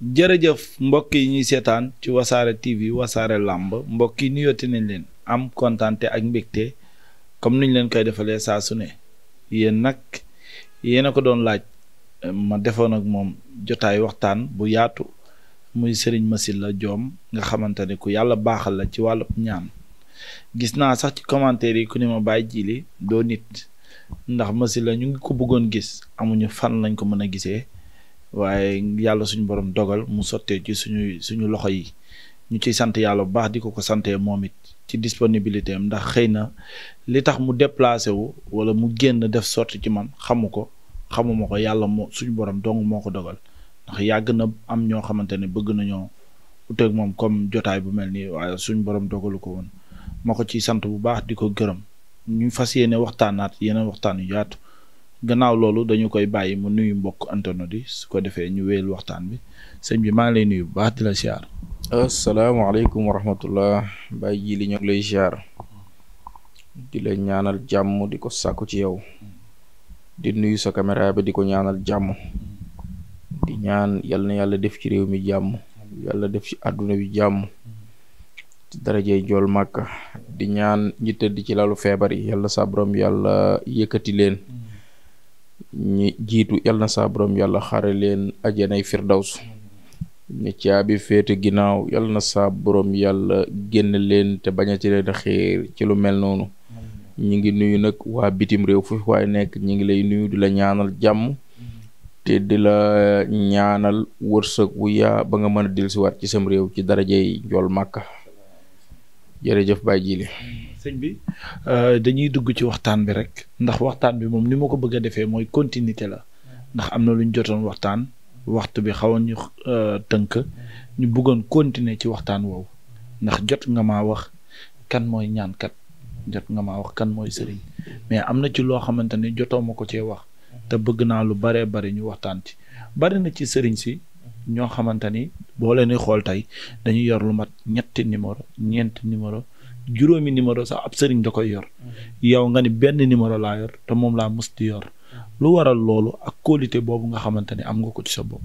jërëjëf mbokk yi ñuy seetaan ci wasaare TV wasaare làmb mbokk yi nuyooti nañ leen am kontaante ak mbégte comme niñ leen koy defalee saa su ne yéen nag yéen a ko doon laaj ma defoon ak moom jotaay waxtaan bu yaatu muy masin la Diome nga xamante ne ku yàlla baaxal la ci wàllub ñaan gis naa sax ci commentaire yi ku ne ma bàyyi jili doo nit ndax Massila ñu ngi ko bëggoon gis amuñu fan lañ ko mën a gisee. waaye yàlla suñu borom dogal mu sottee ci suñuy suñu loxo yi ñu ciy sant yàlla bu baax di ko ko santee moom it ci disponibilité am ndax xëy na li tax mu déplacé wu wala mu génn def sorti ci man xamu ko xamuma ko yàlla moo suñu borom dong moo ko dogal ndax yàgg na am ñoo xamante ne bëgg nañoo uteeg moom comme jotaay bu mel nii waaye suñu borom dogalu ko woon ma ko ciy sant bu baax di ko gërëm ñu fas yéene waxtaanaat yeneen waxtaan yu yaatu gannaaw loolu dañu koy bàyyi mu nuyu mbokk internet yi su ko defee ñu wéyal waxtaan bi sëñ bi maa ngi lay nuyu bu baax di la siyaar. asalaamaaleykum wa rahmatullah bàyyi ji li ñu lay siyaar di la ñaanal jàmm di ko sàkku ci yow di nuyu sa caméra bi di ko ñaanal jàmm di ñaan yal na yàlla def ci réew mi jàmm yàlla def ci àdduna bi jàmm ci darajey jool màkk di ñaan ñi tëdd ci lalu feebar yi yàlla sa yàlla yëkkati leen jiitu yal na saa borom yàlla xare leen ajanay firdaws ñi caabi féete ginnaaw yal na saa borom yàlla génn leen te bañ a ci ci lu mel noonu ñi ngi nuyu nag waa bitim réew fu waay nekk ñi ngi lay nuyu di la ñaanal jàmm te di la ñaanal wërsëg wu yaa ba nga mën a dellusiwaat ci sam réew ci daraje yi njool màkka jërëjëf Baye Jili sëñ bi euh, dañuy dugg ci waxtaan bi rek ndax waxtaan bi moom ni ma ko bëgg a defee mooy continuité la ndax am na lu ñu jotoon waxtaan waxtu bi xawoon ñu euh, tënk ñu bëggoon continuer ci waxtaan woowu ndax jot nga maa wax kan mooy ñaankat jot nga maa wax kan mooy sëriñ mais am na ci loo xamante ne jotoo ko cee wax te bëgg naa lu baree bari ñu waxtaan ci bari na ci sëriñ si ñoo xamante ni boo leen xool tey dañuy yor lu mat ñetti numéro ñeenti numéro juróomi numéro sax ab sëriñ da koy yor yow nga ni benn numéro laa yor te moom laa mës di yor lu waral loolu ak qualité boobu nga xamante ne am nga ko ci sa bopp.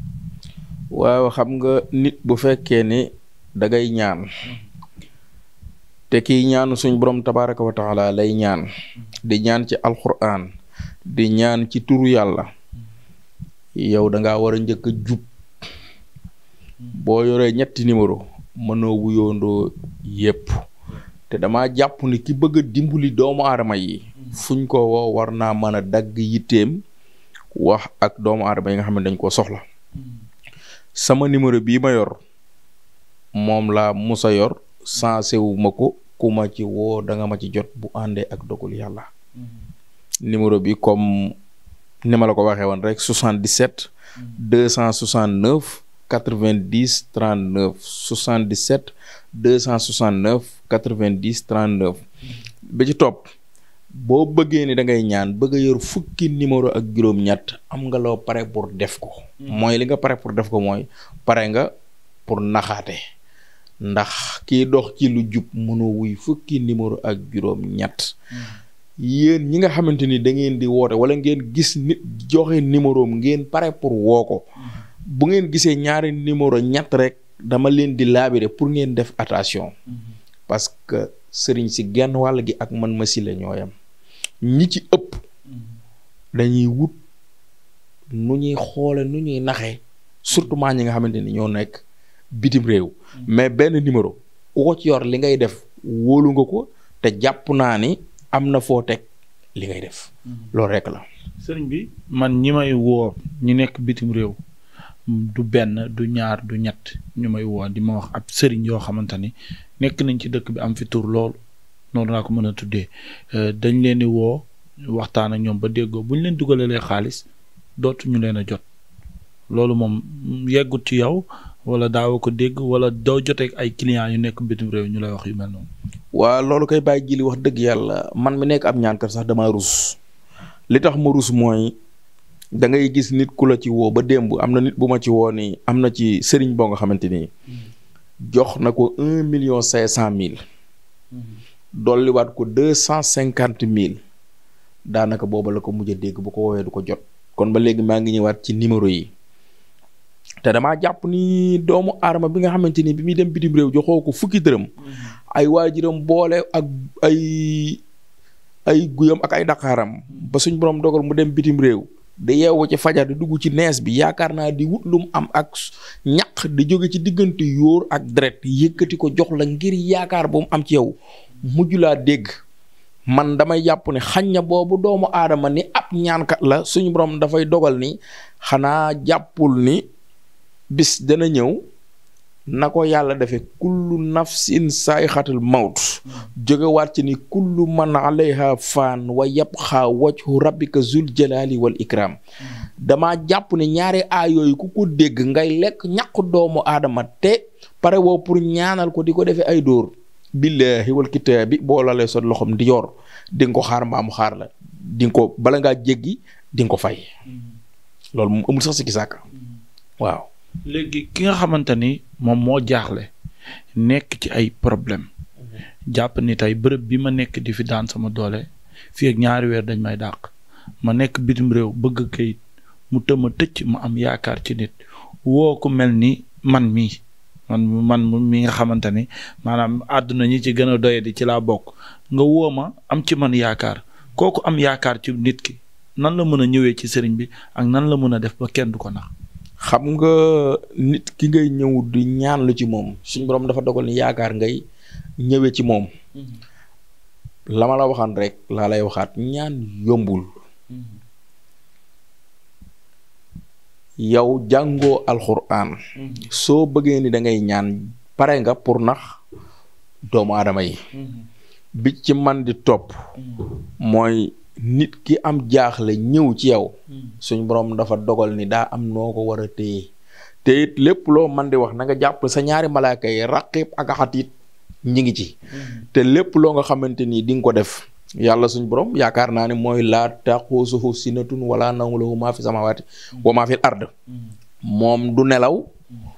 waaw xam nga nit bu fekkee ni dangay ñaan te kiy ñaanu suñ borom tabaraka wa lay ñaan di ñaan ci alquran di ñaan ci turu yàlla yow dangaa war a njëkk jub boo yoree ñetti numéro mënoo wuyondoo yépp te dama jàpp ni ki bëgg a dimbali doomu adama yi fuñ ko woo war naa mën a dagg yitteem wax ak doomu aadama yi nga xam ne dañ koo soxla sama numéro bii ma yor moom laa musa yor sensé wu ko ku ma ci woo da nga ma ci jot bu àndee ak dogal yàlla numéro bi comme ni la ko waxee woon rek 77 269 cent 90 39 77 269 90 39 ba ci topp boo bëggee ni da ngay ñaan bëgg a yor fukki numéro ak juróom-ñett am nga loo pare pour def ko. Hmm. mooy li nga pare pour def ko mooy pare nga pour naxaate ndax kiy dox ci lu jub mënoo wuy fukki numéro ak juróom-ñett. Hmm. yéen ñi nga xamante ni da ngeen di woote wala ngeen gis nit joxe numéro ngeen pare pour woo ko. Hmm. bu ngeen gisee ñaari numéro ñett rek dama leen di laabire pour ngeen def attention mhm. parce que sëriñ si genn wàll gi ak man ma si la ñoo yam ñi ci ëpp mhm. dañuy wut nu ñuy xoole nu ñuy naxee surtout maa ñi nga xamante ni ñoo nekk bitim réew mhm. mais benn numéro ku ko ci yor li ngay def wóolu nga ko te jàpp naa ni am na foo teg li ngay def loolu rek la sëriñ bi man ñi may woo ñu nekk bitim réew du benn du ñaar du ñett ñu may woo di ma wax ab sëriñ yoo xamante ni nekk nañ ci dëkk bi am fi tur lool noonu laa ko mën a tuddee euh, dañ leen di woo waxtaan ak ñoom ba déggoo bu ñu leen dugalalee xaalis dootu ñu leen a jot loolu moom yeggut ci yow wala daaw ko dégg wala doo jotee ay clients yu nekk bitim réew ñu lay wax yu mel noonu. waa loolu koy bàyyi ji li wax dëgg yàlla man mi nekk ab ñaankat sax damaa rus li tax ma rus mooy da ngay gis nit ku la ci woo ba démb am na nit bu ma ci woo nii am na ci sëriñ boo nga xamante nii jox na ko un million cinq cent mille dolliwaat ko deux cent cinquante mille daanaka booba la ko mujj a dégg bu ko woowee du ko jot kon ba léegi maa ngi ñëwaat ci numéro yi te damaa jàpp ni doomu aadama bi nga xamante ni bi muy dem bitim réew joxoo ko fukki dërëm ay waajuram boole ak ay ay guyam ak ay daqaaram ba suñ borom dogal mu dem bitim réew di yeewu ci fajar di dugg ci nees bi yaakaar naa di wut mu am ak ñaq di jóge ci diggante yóor ak deret yëkkati ko jox la ngir yaakaar bu mu am ci yow mujj laa dégg man damay jàpp ni xañ na boobu doomu aadama ni ab ñaankat la suñu borom dafay dogal ni xanaa jàppul ni bis dana ñëw na ko yàlla defee kullu nafsin saayxatul mawt jógewaat ci ni kullu man alayha faan wa yabxaa wajhu rabbika zul jalaali wal ikram dama jàpp ne ñaari aayooyu ku ko dégg ngay lekk ñàqu doomu aadama te pare woo pour ñaanal ko di ko defee ay dóor billaahi wal bi boo lalee sa loxoom di yor di ko xaar mbaamu xaar la di ko bala ngaa jéggi di ko fay mm-hmm. loolu moom amul sax si ki mm-hmm. waaw léegi ki nga xamante ni moom moo jaaxle nekk ci ay problème jàpp ni tey bërëb bi ma nekk di fi daan sama doole fii ak ñaari weer dañ may dàq ma nekk bitim réew bëgg këyit mu tëma tëcc ma am yaakaar ci nit woo ko mel ni man mii man man mi nga xamante ni maanaam àdduna ñi ci gën a doye di ci laa bokk nga woo ma am ci man yaakaar kooku am yaakaar ci nit ki nan la mën a ñëwee ci sëriñ bi ak nan la mën a def ba kenn du ko nax xam nga nit ki ngay ñëw di ñaan lu ci moom suñ boroom dafa dogal ni yaakaar ngay ñëwee ci moom mm-hmm. la la waxaan rek laa lay waxaat ñaan yombul mm-hmm. yow jàngoo alxuraan mm-hmm. soo bëggee ni dangay ñaan pare nga pour nax doomu aadama yi bi ci man di topp mooy nit ki am jaaxle ñëw ci yow hmm. suñ borom dafa dogal ni daa am noo ko war a téye te it lépp loo man di wax na nga jàpp sa ñaari malaaka yi raqib ak xatiit ñi ngi ci hmm. te lépp loo nga xamante ni di nga ko def yàlla suñ borom yaakaar naa ne mooy laa taxuusuhu sinatun wala nawlahu maa sama samawaati wa maa fi moom du nelaw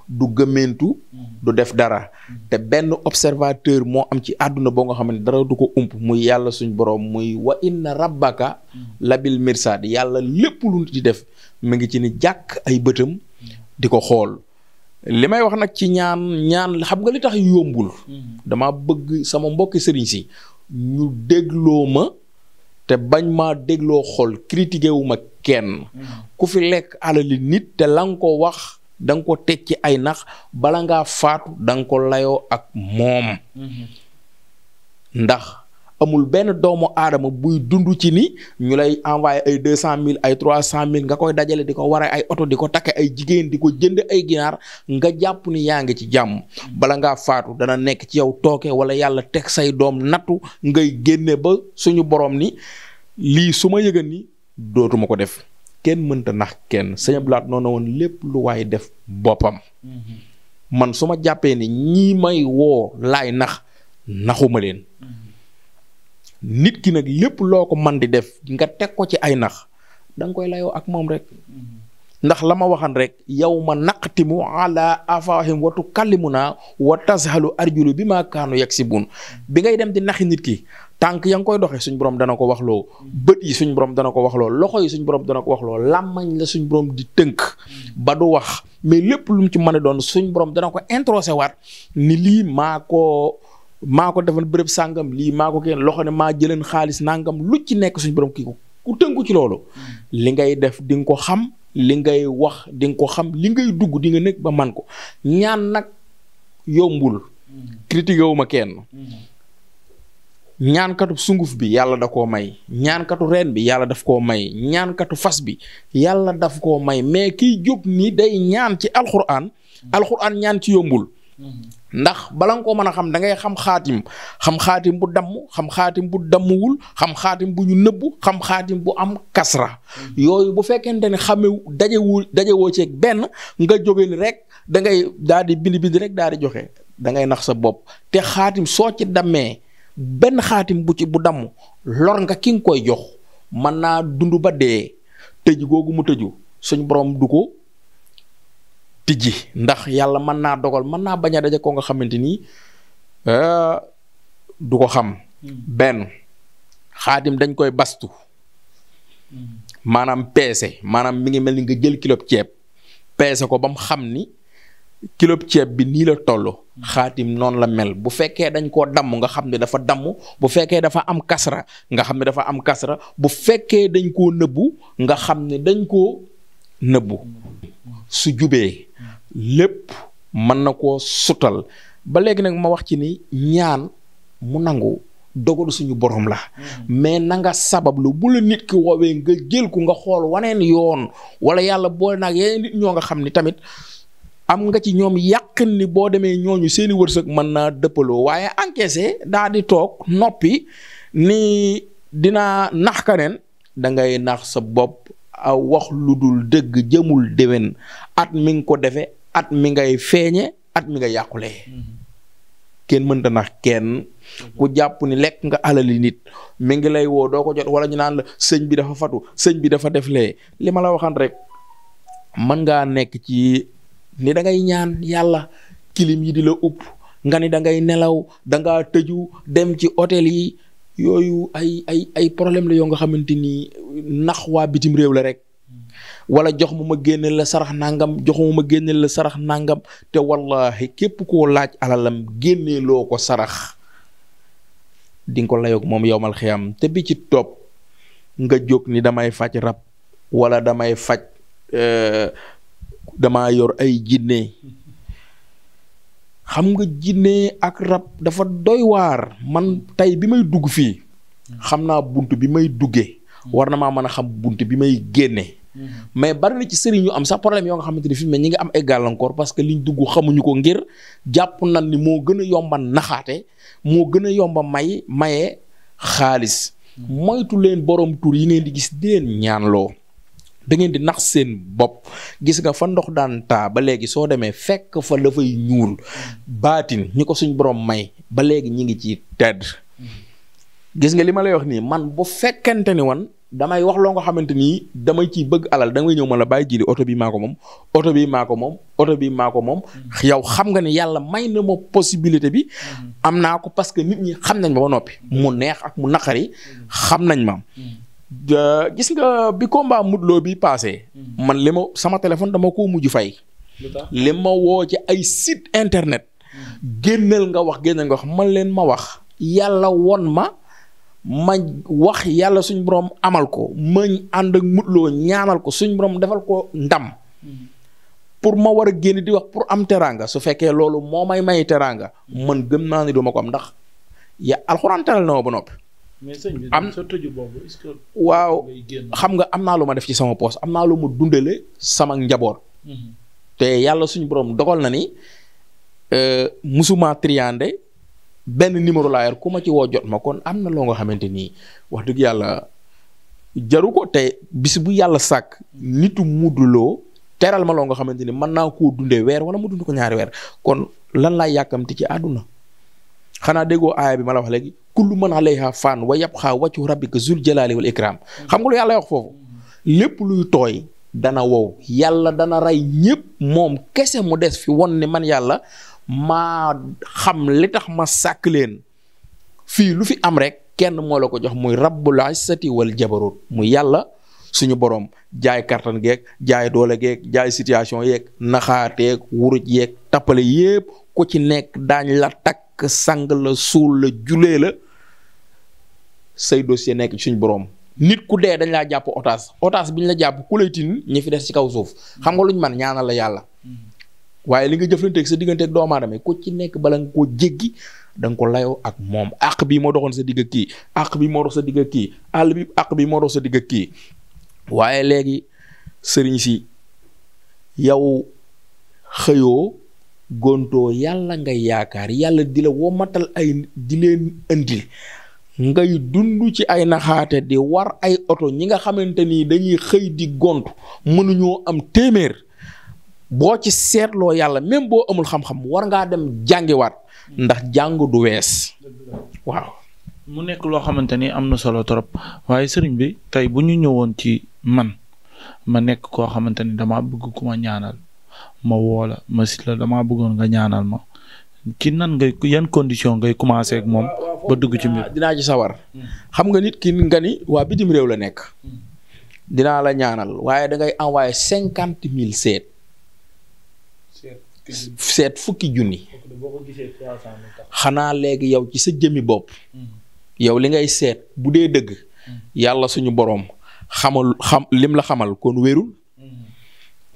du gëmmentu du def dara te benn observateur moo am ci àdduna boo nga xam ne dara du ko ump muy yàlla suñ boroom muy wa inna rabbaka labil mirsad yàlla lépp lu di def mu ngi ci ni jàkk ay bëtam di ko xool li may wax nag ci ñaan ñaan xam nga li tax yombul mm-hmm. dama bëgg sama mbokki sëriñ si ñu dégloo ma te bañ maa dégloo xol critiqué wu kenn ku fi lekk alali nit te langa ko wax danga ko teg ci ay nax bala nga faatu da nga ko layoo ak moom mm-hmm. ndax amul benn doomu aadama buy dund ci ni ñu lay envoyé ay deux cent mille ay trois cent mille nga koy dajale di ko waree ay oto di ko takke ay jigéen di ko jënd ay ginaar nga jàpp ni yaa ngi ci jàmm bala ngaa faatu dana nekk ci yow tooke wala yàlla teg say doom nattu ngay génne ba suñu boroom ni lii su ma yëg ni dootuma ko def kenn mënta nax kenn sëñ Blaat noonu woon lépp lu waaye def boppam. Mm-hmm. man su jàppee ni ñii may woo laay nax naxuma leen. Mm-hmm. nit ki nag lépp loo ko man di def nga teg ko ci ay nax danga koy layoo ak moom rek ndax la ma waxan rek yow ma naqtimu ala afahim watu kallimu naa wa tashalu arjulu bi ma kaanu yaksibun bi ngay dem di naxi nit ki tànk ya nga koy doxee suñ borom dana ko wax loo bët yi suñ borom dana ko wax loo loxo yi suñ borom dana ko wax loo làmmañ la suñ borom di tënk ba du wax mais lépp lu ci mën a doon suñ borom dana ko introsé waat ni lii ko maa ko defal bërëb sàngam lii maa ko kenn loxo ne maa jëleen xaalis nangam lu ci nekk suñu borom ki ko ku tënku ci loolu li ngay def di nga ko xam li ngay wax di ko xam li ngay dugg di nga nekk ba man ko ñaan nag yombul critiqué wu ma kenn ñaankatu sunguf bi yàlla da koo may ñaankatu reen bi yàlla daf koo may ñaankatu fas bi yàlla daf koo may mais kiy jóg ni day ñaan ci alxuraan alxuraan ñaan ci yombul ndax bala nga koo mën a xam dangay xam xaatim xam xaatim bu damm xam xaatim bu dammuwul xam xaatim bu ñu nëbbu xam xaatim bu am kasra yooyu bu fekkente ne xamewu dajewu dajewoo ceeg benn nga jóge ni rek da ngay daal di bind bind rek daal di joxe da ngay nax sa bopp te xaatim soo ci damee benn xaatim bu ci bu damm lor nga ki nga koy jox mën naa dund ba dee tëj googu mu tëju suñ borom du tijji ndax yàlla mën naa dogal mën naa bañ a daje koo nga xamante ni euh, du ko xam. Hmm. benn xaatim dañ koy bastu. Hmm. maanaam peese maanaam mi ngi mel ni nga jël kilo ceeb peese ko ba mu xam ni kilo ceeb bi nii la toll. Hmm. xaatim noonu la mel bu fekkee dañ koo damm nga xam ne dafa damm bu fekkee dafa am kasra nga xam ne dafa am kasra bu fekkee dañ koo nëbbu nga xam ne dañ koo nëbbu su jubee. lépp mën na koo sutal ba léegi nag ma wax ci ni ñaan mu nangu dogalu suñu borom la mm-hmm. mais na nga sabablu bu la nit ki woowee nga jël ko nga xool waneen yoon wala yàlla boo nag yeneen nit ñoo nga xam ni tamit am nga ci ñoom yàqin ni boo demee ñooñu seeni wërsëg mën naa dëppaloo waaye encaissé daa di toog noppi ni dinaa nax kaneen da ngay nax sa bopp a wax lu dul dëgg jëmul déwén at mi nga ko defee at mi ngay feeñe at mi nga yàqulee kenn mënta nax kenn ku jàpp ni lekk nga alali nit mi ngi lay woo doo ko jot wala ñu naan la sëñ bi dafa fatu sëñ bi dafa def lee li ma la waxan rek mën ngaa nekk ci ni da ngay ñaan yàlla kilim yi di la upp nga ni da ngay nelaw da ngaa tëju dem ci hôtel yi yooyu ay ay ay problème la yoo nga xamante ni nax waa bitim réew la rek wala jox ma ma génneel la sarax nangam jox ma ma génneel la sarax nàngam te wallahi képp koo laaj alalam génneeloo ko sarax dinga ko la layoog moom yowmal xiyam te bi ci topp nga jóg ni damay faj rab wala damay faj euh, dama yor ay jinne xam nga jinne ak rab dafa doy waar man tey bi may dugg fii xam naa bunt bi may duggee war na maa mën a xam bunt bi may génne Mm-hmm. mais bari na ci sëriñ ñu am sax problème yoo nga xamante ni fi mu ñi ngi am ay gàllankoor parce que liñ dugg xamuñu ko ngir jàpp nañ ni moo gën a yomba naxaate moo gën a yomba may maye xaalis. Mm-hmm. moytu leen borom tur yi ngeen di gis di leen ñaanloo. da ngeen di nax seen bopp gis nga fa ndox daan taa ba léegi soo demee fekk fa la fay ñuul mm-hmm. baatin ñi ko suñ boroom may ba léegi ñi ngi ci tedd. gis nga li ma lay wax nii man bu fekkente ni wan damay wax loo nga xamante ni damay ciy bëgg alal damay ñëw ma la bàyyi jili oto bi maa ko moom oto bii maa ko moom oto bi maa moom. Mm-hmm. yow xam nga ni yàlla may na ma possibilité bi. Mm-hmm. am naa ko parce que nit ñi xam nañ ma ba noppi. Mm-hmm. mu neex ak mu naqari xam nañ ma. gis nga bi combat Modou Lo bi passé. man li ma sama téléphone dama ko mujj fay. li ma woo ci ay site internet. génneel nga wax génneel nga wax man leen ma wax. yàlla won ma. ma wax yàlla suñu boroom amal ko ma ànd ak mutloo ñaanal ko suñu borom defal ko ndam pour ma war a génn di wax pour am teraanga su fekkee loolu moo may may teraanga man gëm naa ni du ma ko am ndax ya alxuraan teral na ma ba noppi. mais am sa tëju waaw xam nga am naa lu ma def ci sama poos am naa lu ma dundale sama njaboot. Mhm. te yàlla suñu borom dogal na ni euh, musuma triande benn numéro laa yor ku ma ci woo jot ma kon am na loo nga xamante ni wax dëgg yàlla jaru ko te bis bu yàlla sàkk nitu mudduloo teral ma loo nga xamante ni mën naa koo dundee weer wala mu dund ko ñaari weer kon lan laa yàkkamti ci àdduna xanaa déggoo aaya bi ma la wax léegi ma man alayha fan wa yàpp yabqa waccu rabbika zul jalaali wal ikram xam nga lu yàlla wax foofu lépp luy tooy dana wow yàlla dana rey ñépp moom kese mu des fi won ni man yàlla maa xam li tax ma sàkk leen fii lu fi am rek kenn moo la ko jox muy rabbul izzati wal jabarut muy yàlla suñu borom jaay kartan geek jaay doole geeg jaay situation yeeg naxaateeg wuruj yeeg tappale yépp ku ci nekk daañ la takk sang la suul la julee la say dossier nekk ci suñu borom nit ku dee dañ laa jàpp otage otage bi ñu la jàpp ku lay tin ñi fi des ci kaw suuf xam nga luñ man ñaanal la yàlla waaye li nga jëflanteeg sa digganteeg doomu aadama ku ci nekk bala nga koo jéggi da nga ko layoo ak moom àq bii moo doxoon sa digg kii àq bi moo dox sa digg kii àll bi àq bi moo sa digg kii waaye léegi sëriñ si yow xëyoo gontoo yàlla ngay yaakaar yàlla di la womatal ay di leen indil ngay dund ci ay naxaate di war ay oto ñi nga xamante ni dañuy xëy di gont mënuñoo am téeméer boo ci seetloo yàlla même boo amul xam-xam war ngaa dem jàngiwaat ndax jàng du wees waaw. mu nekk loo xamante ni am na solo trop waaye sëriñ bi tey bu ñu ñëwoon ci man ma nekk koo xamante ni damaa bëgg ku ma ñaanal ma woola la ma si la damaa bëggoon nga ñaanal ma ci nan ngay yan condition ngay commencé ak moom ba dugg ci mbir dinaa ci sawar xam nga nit ki nga ni waa bitim réew la nekk hmm. dinaa la ñaanal waaye dangay ngay envoyé cinquante mille seet seet fukki junni. xanaa léegi yow ci sa jëmmi bopp. yow li ngay seet bu dee dëgg. yàlla suñu boroom xamul xam lim la xamal kon wérul.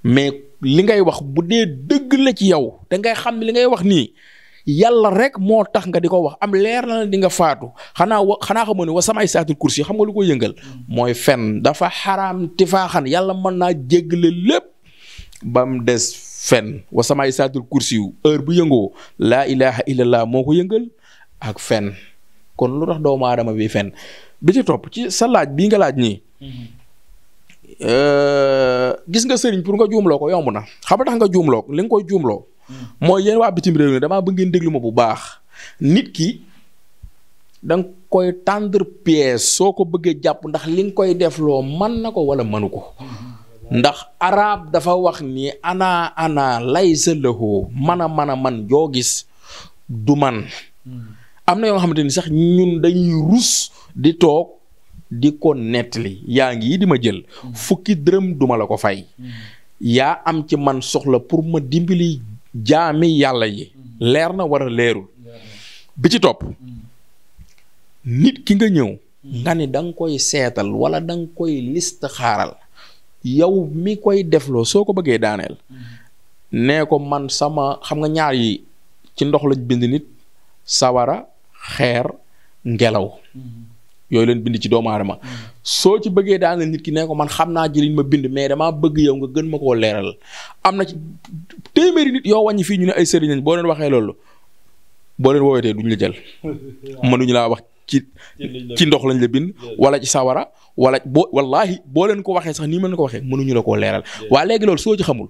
mais li ngay wax bu dee dëgg la ci yow da ngay xam li ngay wax nii. yàlla rek moo tax nga di ko wax am leer na di nga faatu xanaa wa xanaa xamoo ne wa samay saatul kursi xam nga lu ko yëngal. mooy fen dafa xaraam tifaaxan yàlla mën naa jéggale lépp ba des fen wa samaay saatul kursiw heure bu yëngoo laa ilaha illallah moo ko yëngal ak fen kon lu tax doomu aadama bi fen bi ci topp ci sa laaj bii nga laaj nii. Mm-hmm. Euh, gis nga sëriñ pour nga juumloo ko yomb na xam tax nga juumloo ko li nga koy juumloo. Mm-hmm. mooy yéen waa bitim réew mi damaa bëgg déglu ma bu baax. nit ki da koy tendre pièce soo ko bëggee jàpp ndax li nga koy defloo man na ko wala mënu ko. Mm-hmm. ndax araab dafa wax ni anaa anaa lay lahu man a man a man joo gis du man hmm. am na yoo xamante ni sax ñun dañuy rus di toog di ko nettli yaa ngi di ma jël hmm. fukki dërëm duma la ko fay hmm. yaa am ci man soxla pour ma dimbali jaami yàlla yi leer na wara a leerul bi ci topp nit ki nga ñëw nga ni da koy seetal wala danga koy list xaaral yow mi koy defloo soo ko bëggee daaneel. nee ko man sama xam nga ñaar yi ci ndox lañ bind nit sawara xeer ngelaw. yooyu leen bind ci doomu aadama soo ci bëggee daaneel nit ki nee ko man xam naa jëliñ ma bind mais damaa bëgg yow nga gën ma koo leeral am na ci téeméeri nit yoo wàññi fii ñu ne ay sëriñ boo leen waxee loolu boo leen woowetee duñ la jël mënuñu laa wax ci ci ndox lañ la bind wala ci sawara wala boo wallaahi boo leen ko waxee sax ni mën na ko waxee mënuñu la koo leeral waa léegi lool soo ci xamul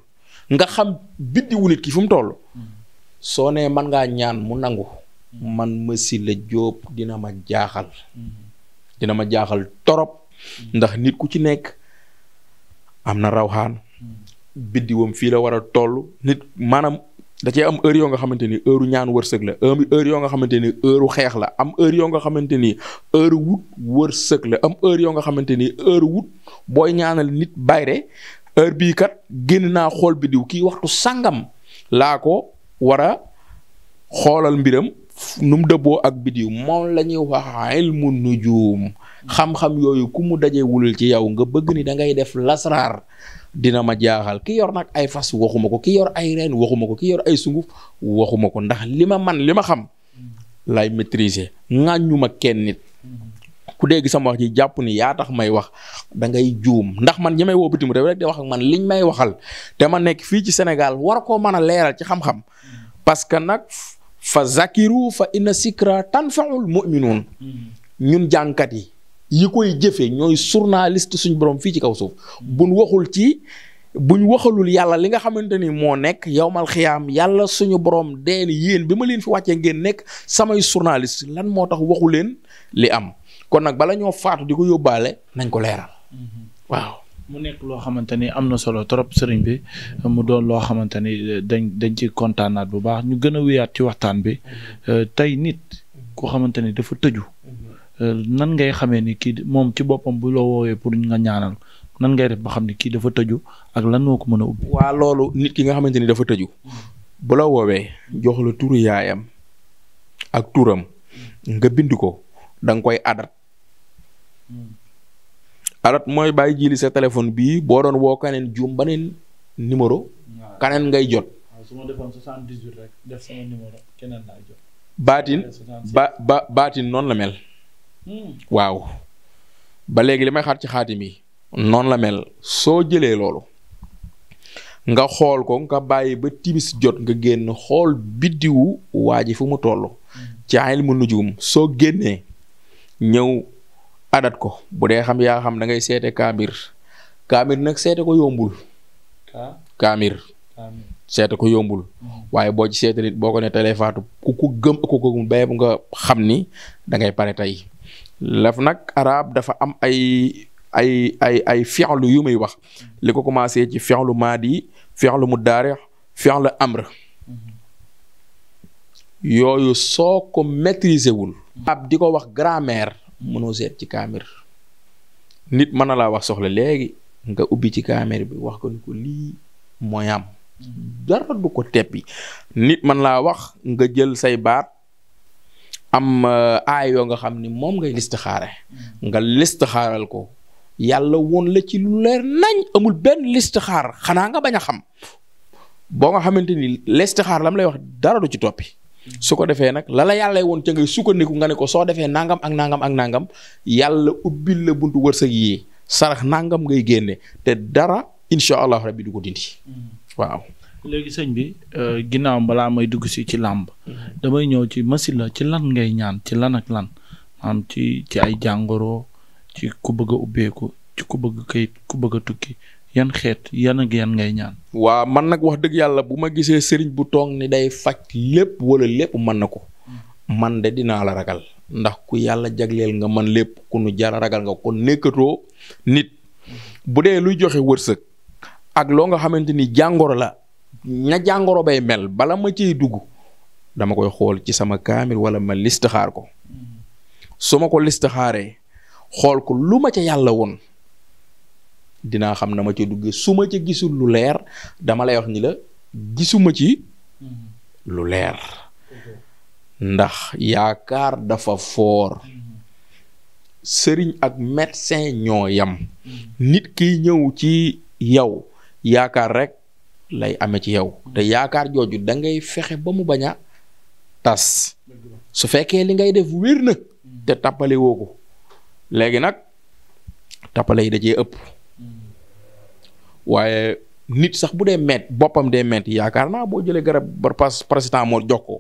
nga xam biddiwu nit ki fu mu toll mm. soo nee mën ngaa ñaan mu nangu mm. man ma si la Diop dina ma jaaxal mm. dina ma jaaxal torop ndax nit ku ci nekk am na rawxaan biddiwam fii la war a toll nit maanaam da cee am heure yoo nga xamante ni heure ñaan wërsëg la am heure yoo nga xamante ni heure xeex la am heure yoo nga xamante ni heure wut wërsëg am heure yoo nga xamante ni heure wut booy ñaanal nit bayre heure bii kat génn naa xool bi diw kii waxtu sàngam laa ko war a xoolal mbiram nu mu dëbboo ak bidiw moom la ñuy wax ilmu nujum xam-xam yooyu ku mu dajewulul ci yow nga bëgg ni dangay def lasraar dina ma jaaxal ki yor nag ay fas waxuma ko ki yor ay reen waxuma ko ki yor ay sunguf waxuma ko ndax li ma man li ma xam lay maîtriser ŋàññu ma kenn nit ku dégg sama wax ji jàpp ni yaa tax may wax dangay ngay juum ndax man ñi may woo bitim réew rek di wax ak man liñ may waxal te ma nekk fii ci senegal war koo mën a leeral ci xam-xam parce que nag fa zakiru fa inna sikra tanfaul mu'minun mm-hmm. yi yi koy jëfee ñooy journaliste suñu borom fii ci kaw suuf buñ waxul ci buñ waxalul yàlla li nga xamante ni moo nekk yowmal xiyaam yàlla suñu borom deel yéen bi ma leen fi wàccee ngeen nekk samay journaliste lan moo tax waxu leen li am kon nag bala ñoo faatu di ko yóbbaale nañ ko leeral mm-hmm. waaw. mu nekk loo xamante ni am na solo trop sëriñ bi mu doon loo xamante ni dañ dañ ci kontaanaat bu baax ñu gën a wéyaat ci waxtaan bi mm-hmm. euh, tey nit koo xamante ni dafa tëju. Mm-hmm. Euh, nan ngay xamee ni kii moom ci boppam bu la woowee pour nga ñaanal nan ngay def ba xam ni kii dafa tëju ak lan moo ko mën a ubbi. waa loolu nit ki nga xamante ni dafa tëju. bu la woowee jox la turu yaayam ak turam nga bind ko danga koy adat. adat mooy bàyyi jili sa téléphone bii boo doon woo kaneen juum baneen numéro. kaneen ngay jot. su ma defoon 78 rek baatin ba noonu la mel. waaw ba léegi li may xaar ci xaatim yi noonu la mel soo jëlee loolu nga xool ko nga bàyyi ba timis jot nga génn xool biddiwu waa ji fu mu toll ci ilmu nujum soo génnee ñëw adat ko bu dee xam yaa xam da ngay seete kaamir kaamir nag seete ko yombul kaamir seete ko yombul mm-hmm. waaye boo ci seete nit boo ko ne telefaatu ku ku gëm ku ko gëm béyam nga xam ni dangay ngay pare tey laf nag arab dafa am ay ay ay ay fi'lu yu muy wax li ko commencé ci fi'lu maadi fi'lu mudaari fi'lu amre yooyu soo ko maîtriser wul. ab di ko wax grammaire mënoo seet ci kaamir nit mën na laa wax soxla léegi nga ubbi ci kaamir bi wax ko ni ko lii mooy dara du ko teppi nit mën laa wax nga jël say baat. am euh, aay yoo nga xam ni moom ngay listixaare nga listixaaral ko yàlla woon la ci lu leer nañ amul benn xaar xanaa nga bañ a xam boo nga xamante ni listixaar lam lay wax dara du ci toppi su ko defee nag lala la yàlla woon ca ngay sukkandiku nga ne ko soo defee nangam ak nangam ak nangam yàlla ubbil la buntu wërsëg yii sarax nangam ngay génne te dara incha allah rabbi du ko dindi mm. waaw. léegi sëñ bi euh, ginnaaw balaa may dugg si ci làmb mm-hmm. damay ñëw ci Massila ci lan ngay ñaan ci lan ak lan maanaam ci ci ay jàngoro ci ku bëgg a ubbeeku ci ku bëgg kayit ku bëgg a tukki yan xeet yan ak yan ngay ñaan. waaw man nag wax dëgg yàlla bu ma gisee sëriñ bu toog ni day faj lépp wala lépp mën na ko. Mm-hmm. man de dinaa la ragal. ndax ku yàlla jagleel nga man lépp ku nu jara ragal nga kon nekkatoo nit. Mm-hmm. bu dee luy joxe wërsëg. ak loo nga xamante ni jàngoro la. na jàngoro bay mel bala ma ciy dugg dama koy xool ci sama kaamil wala ma listixaar ko su ma ko listixaaree xool ko lu ma ca yàlla woon dinaa xam na ma ca duggee su ma ca gisul lu leer dama lay wax ni la gisuma ci lu leer ndax yaakaar dafa foor sëriñ ak médecin ñoo yam nit kiy ñëw ci yow yaakaar rek lay ame ci yow te yaakaar jooju dangay fexe ba mu baña tas su fekkee li ngay def wér na te tappale woo ko léegi nag tappale yi da cee ëpp waaye nit sax bu dee met boppam dee met yaakaar naa boo jële garab ba pas paracétamol jox ko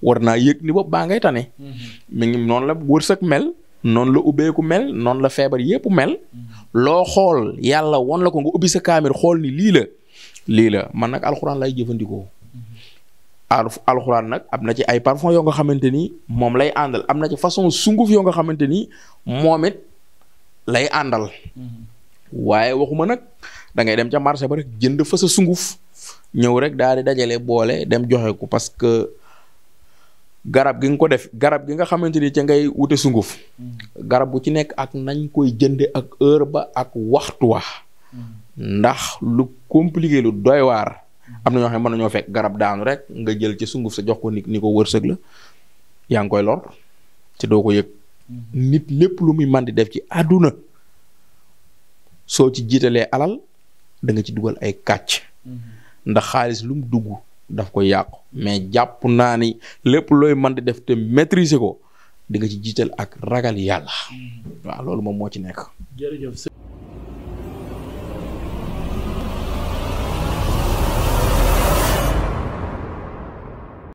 war naa yëg ni bopp baa ngay tane. mi ngi noonu la wërsëg mel. noon la ubbeeku mel noonu la feebar yépp mel. loo xool yàlla won la ko nga ubbi sa kaamir xool ni lii la. lii la man nag alxuraan lay jëfandikoo. alxuraan nag am na ci ay parfum yoo nga xamante ni moom lay àndal am na ci façon sunguf yoo nga xamante ni moom it lay àndal. waaye waxuma nag dangay dem ca marché ba rek jënd fa sa sunguf ñëw rek daal di dajale boole dem joxe ko parce que garab gi nga ko def garab gi nga xamante ni ca ngay wute sunguf. Mm. garab bu ci nekk ak nañ koy jënde ak heure ba ak waxtu wa. Mm. ndax lu compliqué lu doy waar am na ñoo xam ne mën nañoo fekk garab daanu rek nga jël ci sunguf sa jox ko ni ko wërsëg la yaa ngi koy lor te doo ko yëg mm-hmm. nit lépp lu muy man di def ci àdduna soo ci jiitalee alal da nga ci dugal ay kàcc mm-hmm. ndax xaalis lu dugg daf ko yàqu mais jàpp naa ni lépp looy man di def te maîtriser ko di nga ci jiital ak ragal yàlla mm-hmm. waaw loolu moom moo ci nekk